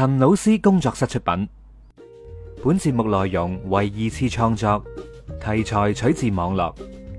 陳老師工作室出品，本節目內容為二次創作，題材取自網絡，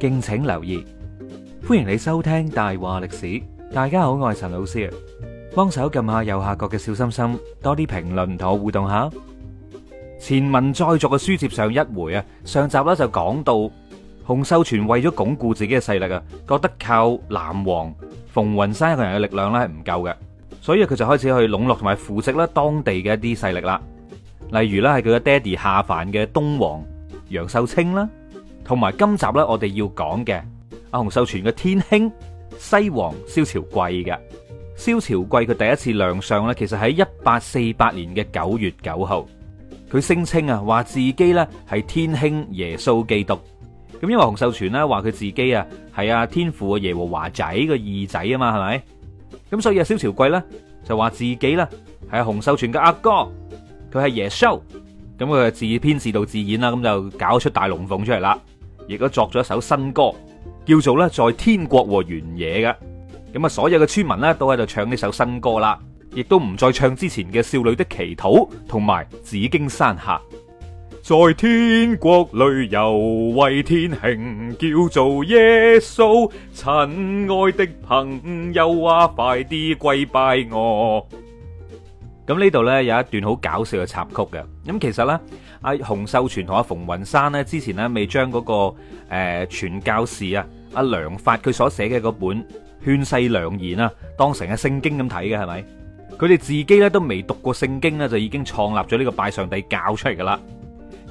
敬請留意。歡迎你收聽《大話歷史》，大家好，我係陳老師啊。幫手撳下右下角嘅小心心，多啲評論同我互動下。前文再續嘅書接上一回啊，上集咧就講到洪秀全為咗鞏固自己嘅勢力啊，覺得靠南王馮雲山一個人嘅力量咧係唔夠嘅。所以佢就開始去籠絡同埋扶植啦，當地嘅一啲勢力啦，例如啦係佢嘅爹哋下凡嘅東王楊秀清啦，同埋今集咧我哋要講嘅阿洪秀全嘅天兄西王蕭朝貴嘅。蕭朝貴佢第一次亮相咧，其實喺一八四八年嘅九月九號，佢聲稱啊話自己咧係天兄耶穌基督。咁因為洪秀全咧話佢自己啊係阿天父嘅耶和華仔嘅二仔啊嘛，係咪？咁所以阿蕭朝貴咧就話自己咧係洪秀全嘅阿哥，哥，佢係耶穌，咁佢就自編自導自演啦，咁就搞出大龍鳳出嚟啦，亦都作咗一首新歌，叫做咧在天國和原野㗎，咁啊所有嘅村民咧都喺度唱呢首新歌啦，亦都唔再唱之前嘅少女的祈禱同埋紫荊山下。在天國裏，有位天兄，叫做耶穌，親愛的朋友，啊，快啲跪拜我。咁呢度呢，有一段好搞笑嘅插曲嘅。咁、嗯、其實呢，阿洪秀全同阿馮雲山呢，之前呢未將嗰、那個誒、呃、傳教士啊，阿梁發佢所寫嘅嗰本勸世良言啊，當成係聖經咁睇嘅，係咪？佢哋自己呢都未讀過聖經呢，就已經創立咗呢個拜上帝教出嚟噶啦。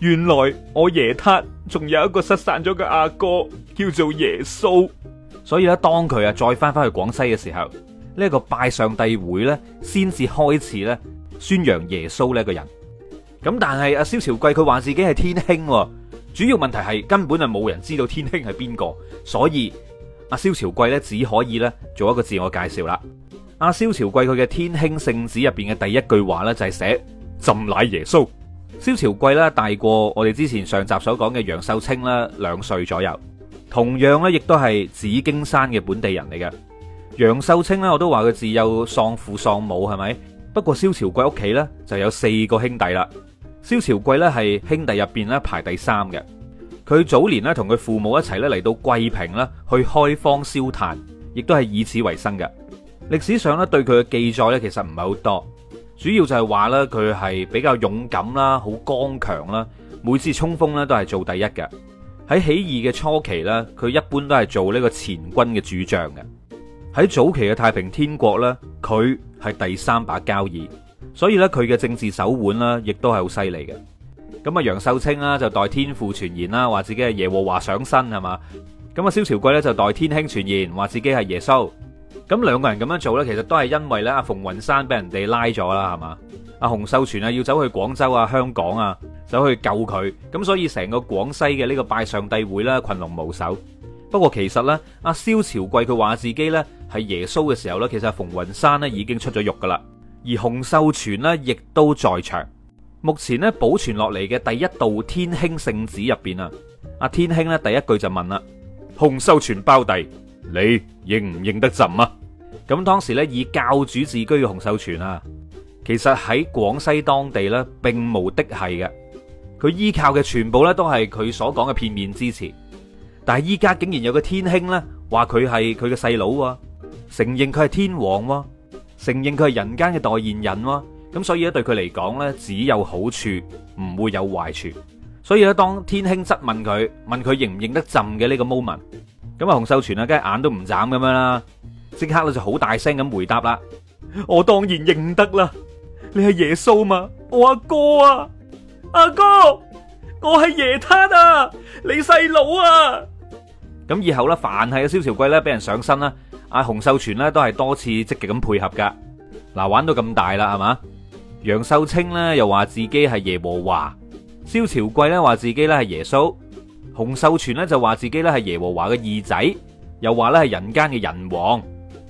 原來我耶撻仲有一個失散咗嘅阿哥叫做耶穌，所以咧當佢啊再翻翻去廣西嘅時候，呢一個拜上帝會咧先至開始咧宣揚耶穌呢一個人。咁但係阿蕭朝貴佢話自己係天兄，主要問題係根本就冇人知道天兄係邊個，所以阿蕭朝貴咧只可以咧做一個自我介紹啦。阿蕭朝貴佢嘅天兄聖旨入邊嘅第一句話呢，就係寫朕乃耶穌。蕭朝貴啦，大過我哋之前上集所講嘅楊秀清啦，兩歲左右，同樣咧，亦都係紫荊山嘅本地人嚟嘅。楊秀清咧，我都話佢自幼喪父喪母，係咪？不過蕭朝貴屋企咧就有四個兄弟啦，蕭朝貴咧係兄弟入邊咧排第三嘅。佢早年咧同佢父母一齊咧嚟到桂平啦，去開荒燒炭，亦都係以此為生嘅。歷史上咧對佢嘅記載咧其實唔係好多。主要就係話呢佢係比較勇敢啦，好剛強啦，每次衝鋒呢都係做第一嘅。喺起義嘅初期呢，佢一般都係做呢個前軍嘅主將嘅。喺早期嘅太平天國呢，佢係第三把交椅，所以呢，佢嘅政治手腕啦，亦都係好犀利嘅。咁啊，楊秀清啦就代天父傳言啦，話自己係耶和華上身係嘛。咁啊，蕭朝貴咧就代天兄傳言，話自己係耶穌。咁兩個人咁樣做呢，其實都係因為呢，阿馮雲山俾人哋拉咗啦，係嘛？阿洪秀全啊，要走去廣州啊、香港啊，走去救佢，咁所以成個廣西嘅呢個拜上帝會呢，群龍無首。不過其實呢，阿蕭朝貴佢話自己呢，係耶穌嘅時候呢，其實馮雲山呢已經出咗獄噶啦，而洪秀全呢，亦都在場。目前呢，保存落嚟嘅第一道天兄聖旨入邊啊，阿天兄呢，第一句就問啦：洪秀全胞弟。你認唔認得朕啊？咁當時咧以教主自居嘅，洪秀全啊，其實喺廣西當地咧並無的系嘅，佢依靠嘅全部咧都係佢所講嘅片面之詞。但係依家竟然有個天兄咧話佢係佢嘅細佬啊，承認佢係天王咯，承認佢係人間嘅代言人咯，咁所以咧對佢嚟講咧只有好處，唔會有壞處。所以咧當天兄質問佢，問佢認唔認得朕嘅呢個 moment，咁啊，洪秀全啊，梗係眼都唔眨咁樣啦，即刻咧就好大聲咁回答啦，我當然認得啦，你係耶穌嘛，我阿哥啊，阿哥，我係耶灘啊，你細佬啊，咁以後咧，凡係阿蕭朝貴咧俾人上身啦，阿洪秀全咧都係多次積極咁配合噶，嗱，玩到咁大啦係嘛，楊秀清咧又話自己係耶和華，蕭朝貴咧話自己咧係耶穌。洪秀全咧就話自己咧係耶和華嘅二仔，又話咧係人間嘅人王。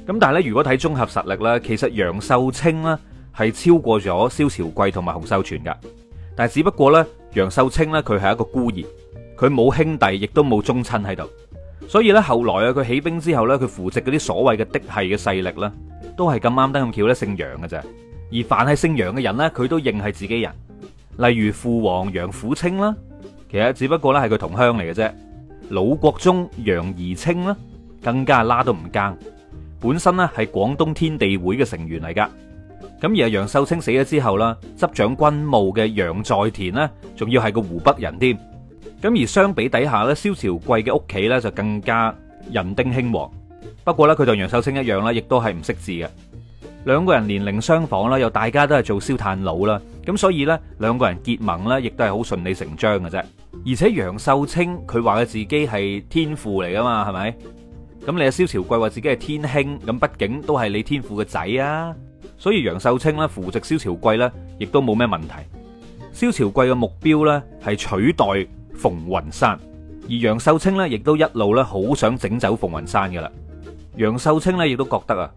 咁但係咧，如果睇綜合實力咧，其實楊秀清咧係超過咗蕭朝貴同埋洪秀全噶。但係只不過咧，楊秀清咧佢係一個孤兒，佢冇兄弟，亦都冇宗親喺度。所以咧，後來啊，佢起兵之後咧，佢扶植嗰啲所謂嘅嫡系嘅勢力咧，都係咁啱得咁巧咧姓楊嘅啫。而凡係姓楊嘅人咧，佢都認係自己人。例如父王楊虎清啦。其實只不過咧係佢同鄉嚟嘅啫，老國忠楊宜清啦，更加拉都唔耕，本身咧係廣東天地會嘅成員嚟㗎。咁而阿楊秀清死咗之後啦，執掌軍務嘅楊在田咧，仲要係個湖北人添。咁而相比底下咧，蕭朝貴嘅屋企咧就更加人丁興旺。不過咧，佢同楊秀清一樣啦，亦都係唔識字嘅。兩個人年齡相仿啦，又大家都係做燒炭佬啦，咁所以呢，兩個人結盟呢，亦都係好順理成章嘅啫。而且楊秀清佢話嘅自己係天父嚟噶嘛，係咪？咁你阿蕭朝貴話自己係天兄，咁畢竟都係你天父嘅仔啊。所以楊秀清呢，扶植蕭朝貴呢，亦都冇咩問題。蕭朝貴嘅目標呢，係取代馮雲山，而楊秀清呢，亦都一路呢，好想整走馮雲山嘅啦。楊秀清呢，亦都覺得啊。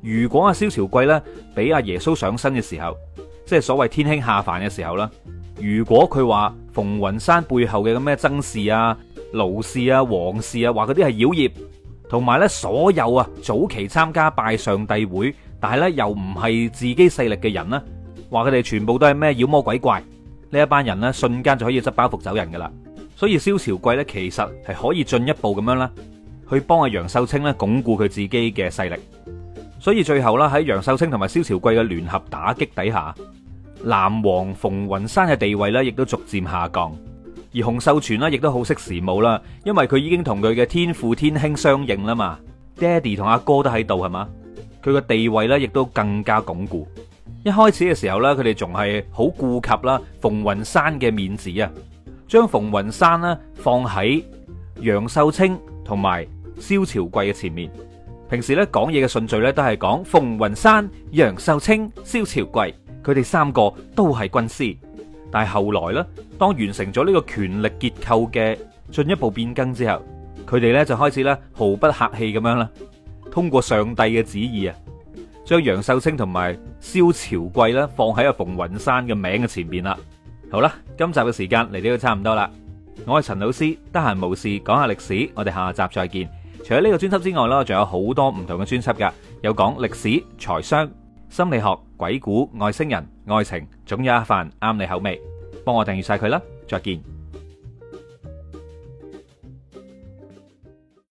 如果阿蕭朝貴咧俾阿耶穌上身嘅時候，即係所謂天兄下凡嘅時候啦，如果佢話馮雲山背後嘅咁咩曾氏啊、盧氏啊、王氏啊，話嗰啲係妖孽，同埋咧所有啊早期參加拜上帝會，但係咧又唔係自己勢力嘅人啦，話佢哋全部都係咩妖魔鬼怪呢一班人咧，瞬間就可以執包袱走人噶啦。所以蕭朝貴咧其實係可以進一步咁樣咧，去幫阿楊秀清咧鞏固佢自己嘅勢力。所以最後啦，喺楊秀清同埋蕭朝貴嘅聯合打擊底下，南王馮雲山嘅地位咧，亦都逐漸下降。而洪秀全呢，亦都好識時務啦，因為佢已經同佢嘅天父天兄相應啦嘛，爹哋同阿哥都喺度係嘛，佢嘅地位咧，亦都更加鞏固。一開始嘅時候咧，佢哋仲係好顧及啦馮雲山嘅面子啊，將馮雲山呢放喺楊秀清同埋蕭朝貴嘅前面。平時咧講嘢嘅順序咧都係講馮雲山、楊秀清、蕭朝貴，佢哋三個都係軍師。但係後來咧，當完成咗呢個權力結構嘅進一步變更之後，佢哋咧就開始咧毫不客氣咁樣啦，通過上帝嘅旨意啊，將楊秀清同埋蕭朝貴啦放喺個馮雲山嘅名嘅前邊啦。好啦，今集嘅時間嚟到差唔多啦。我係陳老師，得閒無事講下歷史，我哋下集再見。除咗呢個專輯之外咧，仲有好多唔同嘅專輯噶，有講歷史、財商、心理學、鬼故、外星人、愛情，總有一份啱你口味。幫我訂閱晒佢啦，再見。